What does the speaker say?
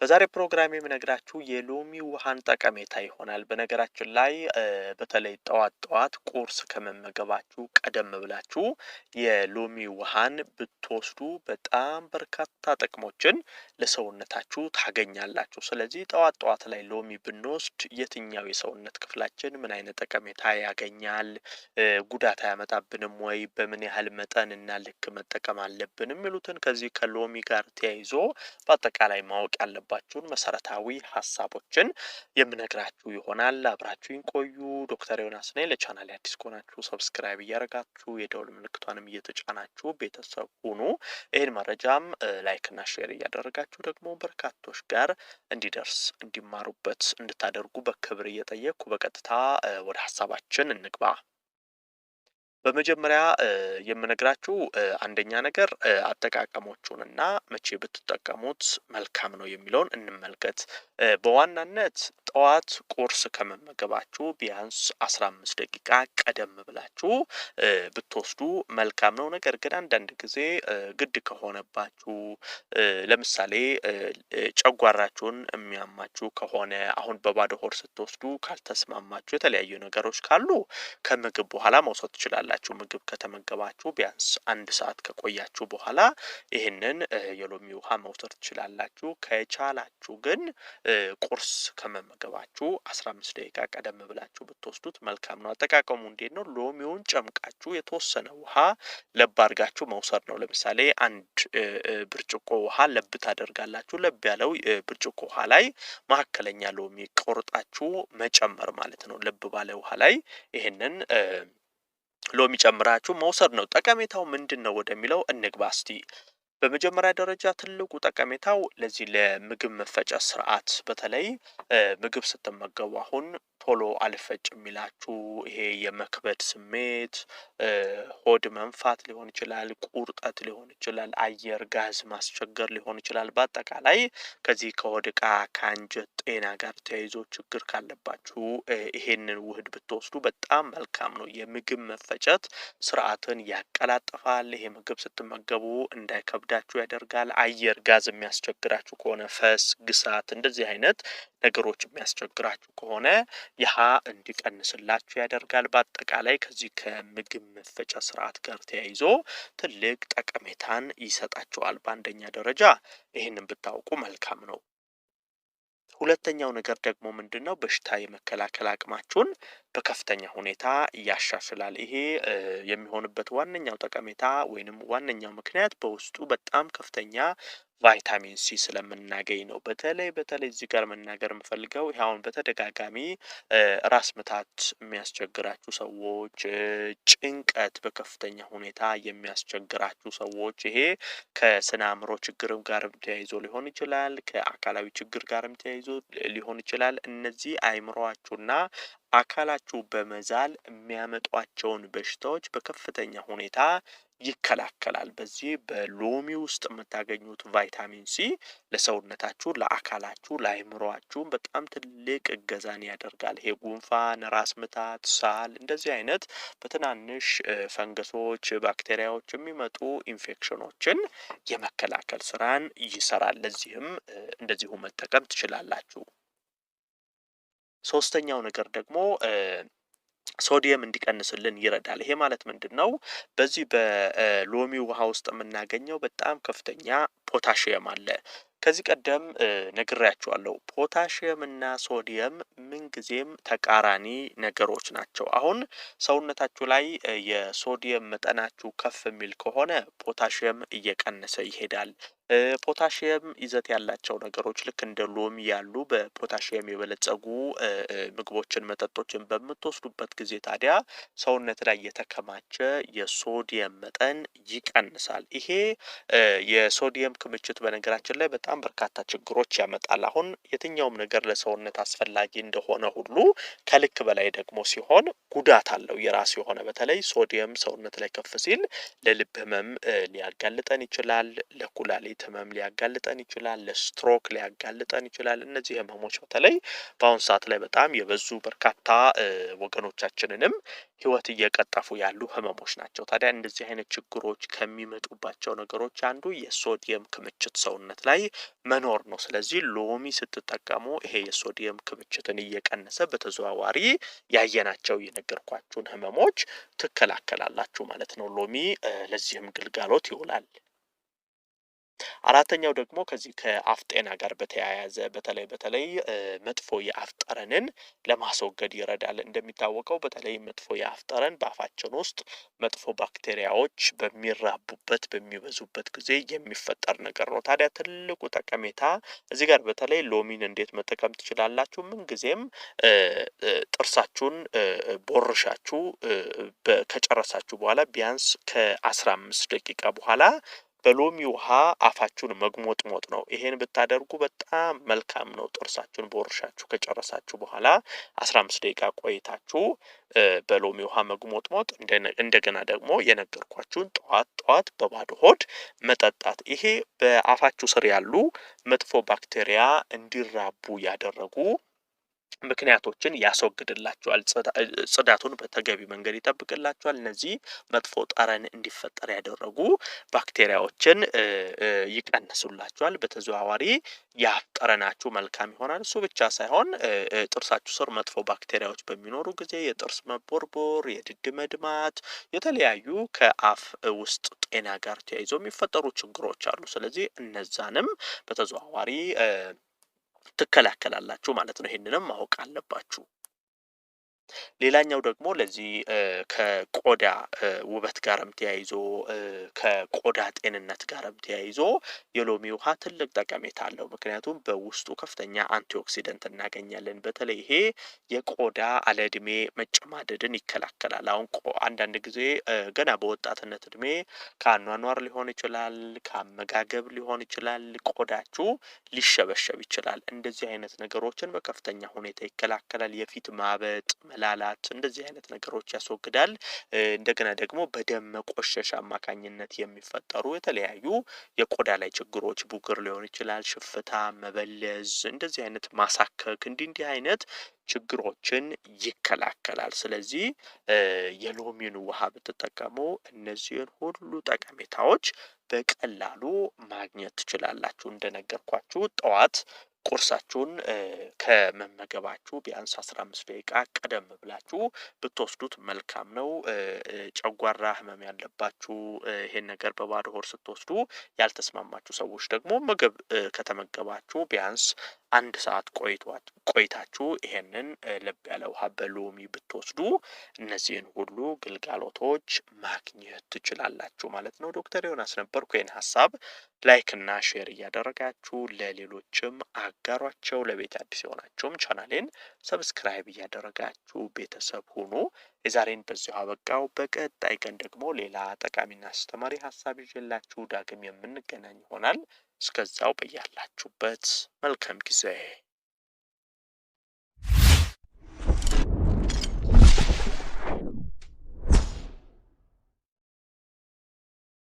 በዛሬ ፕሮግራም የምነግራችሁ የሎሚ ውሃን ጠቀሜታ ይሆናል። በነገራችን ላይ በተለይ ጠዋት ጠዋት ቁርስ ከመመገባችሁ ቀደም ብላችሁ የሎሚ ውሃን ብትወስዱ በጣም በርካታ ጥቅሞችን ለሰውነታችሁ ታገኛላችሁ። ስለዚህ ጠዋት ጠዋት ላይ ሎሚ ብንወስድ የትኛው የሰውነት ክፍላችን ምን አይነት ጠቀሜታ ያገኛል፣ ጉዳት አያመጣብንም ወይ፣ በምን ያህል መጠን እና ልክ መጠቀም አለብን የሚሉትን ከዚህ ከሎሚ ጋር ተያይዞ በአጠቃላይ ማወቅ ያለብን ያለባችሁን መሰረታዊ ሀሳቦችን የምነግራችሁ ይሆናል። አብራችሁኝ ቆዩ። ዶክተር ዮናስ ነኝ። ለቻናል አዲስ ከሆናችሁ ሰብስክራይብ እያደረጋችሁ የደውል ምልክቷንም እየተጫናችሁ ቤተሰብ ሁኑ። ይህን መረጃም ላይክና ሼር እያደረጋችሁ ደግሞ በርካቶች ጋር እንዲደርስ እንዲማሩበት እንድታደርጉ በክብር እየጠየቅኩ በቀጥታ ወደ ሀሳባችን እንግባ። በመጀመሪያ የምነግራችሁ አንደኛ ነገር አጠቃቀሞቹን እና መቼ ብትጠቀሙት መልካም ነው የሚለውን እንመልከት። በዋናነት ጠዋት ቁርስ ከመመገባችሁ ቢያንስ አስራ አምስት ደቂቃ ቀደም ብላችሁ ብትወስዱ መልካም ነው። ነገር ግን አንዳንድ ጊዜ ግድ ከሆነባችሁ ለምሳሌ ጨጓራችሁን የሚያማችሁ ከሆነ አሁን በባዶ ሆድ ስትወስዱ ካልተስማማችሁ የተለያዩ ነገሮች ካሉ ከምግብ በኋላ መውሰድ ትችላላችሁ። ያላችሁ ምግብ ከተመገባችሁ ቢያንስ አንድ ሰዓት ከቆያችሁ በኋላ ይህንን የሎሚ ውሃ መውሰድ ትችላላችሁ። ከቻላችሁ ግን ቁርስ ከመመገባችሁ አስራ አምስት ደቂቃ ቀደም ብላችሁ ብትወስዱት መልካም ነው። አጠቃቀሙ እንዴት ነው? ሎሚውን ጨምቃችሁ የተወሰነ ውሃ ለብ አድርጋችሁ መውሰድ ነው። ለምሳሌ አንድ ብርጭቆ ውሃ ለብ ታደርጋላችሁ። ለብ ያለው ብርጭቆ ውሃ ላይ መካከለኛ ሎሚ ቆርጣችሁ መጨመር ማለት ነው። ለብ ባለ ውሃ ላይ ይህንን ሎሚ ጨምራችሁ መውሰድ ነው። ጠቀሜታው ምንድን ነው ወደሚለው እንግባ እስቲ። በመጀመሪያ ደረጃ ትልቁ ጠቀሜታው ለዚህ ለምግብ መፈጨት ስርዓት በተለይ ምግብ ስትመገቡ አሁን ቶሎ አልፈጭ የሚላችሁ ይሄ የመክበድ ስሜት፣ ሆድ መንፋት ሊሆን ይችላል፣ ቁርጠት ሊሆን ይችላል፣ አየር ጋዝ ማስቸገር ሊሆን ይችላል። በአጠቃላይ ከዚህ ከሆድ ዕቃ ከአንጀት ጤና ጋር ተያይዞ ችግር ካለባችሁ ይሄንን ውህድ ብትወስዱ በጣም መልካም ነው። የምግብ መፈጨት ስርዓትን ያቀላጥፋል። ይሄ ምግብ ስትመገቡ እንዳይከብ እንዲከብዳችሁ ያደርጋል። አየር ጋዝ የሚያስቸግራችሁ ከሆነ ፈስ፣ ግሳት እንደዚህ አይነት ነገሮች የሚያስቸግራችሁ ከሆነ ይሃ እንዲቀንስላችሁ ያደርጋል። በአጠቃላይ ከዚህ ከምግብ መፈጫ ስርዓት ጋር ተያይዞ ትልቅ ጠቀሜታን ይሰጣችኋል። በአንደኛ ደረጃ ይህንን ብታውቁ መልካም ነው። ሁለተኛው ነገር ደግሞ ምንድን ነው? በሽታ የመከላከል አቅማችሁን በከፍተኛ ሁኔታ ያሻሽላል። ይሄ የሚሆንበት ዋነኛው ጠቀሜታ ወይንም ዋነኛው ምክንያት በውስጡ በጣም ከፍተኛ ቫይታሚን ሲ ስለምናገኝ ነው። በተለይ በተለይ እዚህ ጋር መናገር የምፈልገው ይኸውን በተደጋጋሚ ራስ ምታት የሚያስቸግራችሁ ሰዎች፣ ጭንቀት በከፍተኛ ሁኔታ የሚያስቸግራችሁ ሰዎች ይሄ ከስነ አእምሮ ችግርም ጋርም ተያይዞ ሊሆን ይችላል። ከአካላዊ ችግር ጋርም ተያይዞ ሊሆን ይችላል። እነዚህ አይምሯችሁና አካላችሁ በመዛል የሚያመጧቸውን በሽታዎች በከፍተኛ ሁኔታ ይከላከላል። በዚህ በሎሚ ውስጥ የምታገኙት ቫይታሚን ሲ ለሰውነታችሁ፣ ለአካላችሁ፣ ለአይምሯችሁም በጣም ትልቅ እገዛን ያደርጋል። ይሄ ጉንፋን፣ ራስ ምታት፣ ሳል እንደዚህ አይነት በትናንሽ ፈንገሶች፣ ባክቴሪያዎች የሚመጡ ኢንፌክሽኖችን የመከላከል ስራን ይሰራል። ለዚህም እንደዚሁ መጠቀም ትችላላችሁ። ሶስተኛው ነገር ደግሞ ሶዲየም እንዲቀንስልን ይረዳል። ይሄ ማለት ምንድን ነው? በዚህ በሎሚ ውሃ ውስጥ የምናገኘው በጣም ከፍተኛ ፖታሽየም አለ። ከዚህ ቀደም ነግሬያቸዋለሁ። ፖታሽየም እና ሶዲየም ምንጊዜም ተቃራኒ ነገሮች ናቸው። አሁን ሰውነታችሁ ላይ የሶዲየም መጠናችሁ ከፍ የሚል ከሆነ ፖታሽየም እየቀነሰ ይሄዳል። ፖታሽየም ይዘት ያላቸው ነገሮች ልክ እንደ ሎሚ ያሉ በፖታሽየም የበለጸጉ ምግቦችን፣ መጠጦችን በምትወስዱበት ጊዜ ታዲያ ሰውነት ላይ የተከማቸ የሶዲየም መጠን ይቀንሳል። ይሄ የሶዲየም ክምችት በነገራችን ላይ በጣም በርካታ ችግሮች ያመጣል። አሁን የትኛውም ነገር ለሰውነት አስፈላጊ እንደሆነ ሁሉ ከልክ በላይ ደግሞ ሲሆን ጉዳት አለው የራሱ የሆነ በተለይ ሶዲየም ሰውነት ላይ ከፍ ሲል ለልብ ህመም ሊያጋልጠን ይችላል ለኩላሊት ለኩላሊት ህመም ሊያጋልጠን ይችላል፣ ለስትሮክ ሊያጋልጠን ይችላል። እነዚህ ህመሞች በተለይ በአሁኑ ሰዓት ላይ በጣም የበዙ በርካታ ወገኖቻችንንም ህይወት እየቀጠፉ ያሉ ህመሞች ናቸው። ታዲያ እንደዚህ አይነት ችግሮች ከሚመጡባቸው ነገሮች አንዱ የሶዲየም ክምችት ሰውነት ላይ መኖር ነው። ስለዚህ ሎሚ ስትጠቀሙ ይሄ የሶዲየም ክምችትን እየቀነሰ በተዘዋዋሪ ያየናቸው የነገርኳችሁን ህመሞች ትከላከላላችሁ ማለት ነው። ሎሚ ለዚህም ግልጋሎት ይውላል። አራተኛው ደግሞ ከዚህ ከአፍ ጤና ጋር በተያያዘ በተለይ በተለይ መጥፎ የአፍ ጠረንን ለማስወገድ ይረዳል። እንደሚታወቀው በተለይ መጥፎ የአፍ ጠረን በአፋችን ውስጥ መጥፎ ባክቴሪያዎች በሚራቡበት በሚበዙበት ጊዜ የሚፈጠር ነገር ነው። ታዲያ ትልቁ ጠቀሜታ እዚህ ጋር በተለይ ሎሚን እንዴት መጠቀም ትችላላችሁ? ምንጊዜም ጥርሳችሁን ቦርሻችሁ ከጨረሳችሁ በኋላ ቢያንስ ከአስራ አምስት ደቂቃ በኋላ በሎሚ ውሃ አፋችሁን መግሞጥሞጥ ነው። ይሄን ብታደርጉ በጣም መልካም ነው። ጥርሳችሁን በወርሻችሁ ከጨረሳችሁ በኋላ አስራ አምስት ደቂቃ ቆይታችሁ በሎሚ ውሃ መግሞጥሞጥ፣ እንደገና ደግሞ የነገርኳችሁን ጠዋት ጠዋት በባዶ ሆድ መጠጣት። ይሄ በአፋችሁ ስር ያሉ መጥፎ ባክቴሪያ እንዲራቡ ያደረጉ ምክንያቶችን ያስወግድላቸዋል። ጽዳቱን በተገቢ መንገድ ይጠብቅላቸዋል። እነዚህ መጥፎ ጠረን እንዲፈጠር ያደረጉ ባክቴሪያዎችን ይቀንሱላቸዋል። በተዘዋዋሪ የአፍ ጠረናችሁ መልካም ይሆናል። እሱ ብቻ ሳይሆን ጥርሳችሁ ስር መጥፎ ባክቴሪያዎች በሚኖሩ ጊዜ የጥርስ መቦርቦር፣ የድድ መድማት፣ የተለያዩ ከአፍ ውስጥ ጤና ጋር ተያይዞ የሚፈጠሩ ችግሮች አሉ። ስለዚህ እነዛንም በተዘዋዋሪ ትከላከላላችሁ ማለት ነው። ይህንንም ማወቅ አለባችሁ። ሌላኛው ደግሞ ለዚህ ከቆዳ ውበት ጋርም ተያይዞ ከቆዳ ጤንነት ጋርም ተያይዞ የሎሚ ውሃ ትልቅ ጠቀሜታ አለው። ምክንያቱም በውስጡ ከፍተኛ አንቲኦክሲደንት እናገኛለን። በተለይ ይሄ የቆዳ አለእድሜ መጨማደድን ይከላከላል። አሁን አንዳንድ ጊዜ ገና በወጣትነት እድሜ ከአኗኗር ሊሆን ይችላል፣ ከአመጋገብ ሊሆን ይችላል፣ ቆዳችሁ ሊሸበሸብ ይችላል። እንደዚህ አይነት ነገሮችን በከፍተኛ ሁኔታ ይከላከላል። የፊት ማበጥ መላላት እንደዚህ አይነት ነገሮች ያስወግዳል። እንደገና ደግሞ በደም መቆሸሽ አማካኝነት የሚፈጠሩ የተለያዩ የቆዳ ላይ ችግሮች ቡግር ሊሆን ይችላል፣ ሽፍታ፣ መበለዝ፣ እንደዚህ አይነት ማሳከክ፣ እንዲህ እንዲህ አይነት ችግሮችን ይከላከላል። ስለዚህ የሎሚን ውሃ ብትጠቀሙ እነዚህን ሁሉ ጠቀሜታዎች በቀላሉ ማግኘት ትችላላችሁ። እንደነገርኳችሁ ጠዋት ቁርሳችሁን ከመመገባችሁ ቢያንስ አስራ አምስት ደቂቃ ቀደም ብላችሁ ብትወስዱት መልካም ነው። ጨጓራ ህመም ያለባችሁ ይሄን ነገር በባዶ ሆድ ስትወስዱ ያልተስማማችሁ ሰዎች ደግሞ ምግብ ከተመገባችሁ ቢያንስ አንድ ሰዓት ቆይታችሁ ይሄንን ልብ ያለ ውሃ በሎሚ ብትወስዱ እነዚህን ሁሉ ግልጋሎቶች ማግኘት ትችላላችሁ ማለት ነው። ዶክተር ዮናስ ነበርኩ። ይህን ሀሳብ ላይክና ሼር እያደረጋችሁ ለሌሎችም አጋሯቸው። ለቤት አዲስ የሆናችሁም ቻናሌን ሰብስክራይብ እያደረጋችሁ ቤተሰብ ሁኑ። የዛሬን በዚሁ አበቃው። በቀጣይ ቀን ደግሞ ሌላ ጠቃሚና አስተማሪ ሀሳብ ይዤላችሁ ዳግም የምንገናኝ ይሆናል። እስከዛው በያላችሁበት መልካም ጊዜ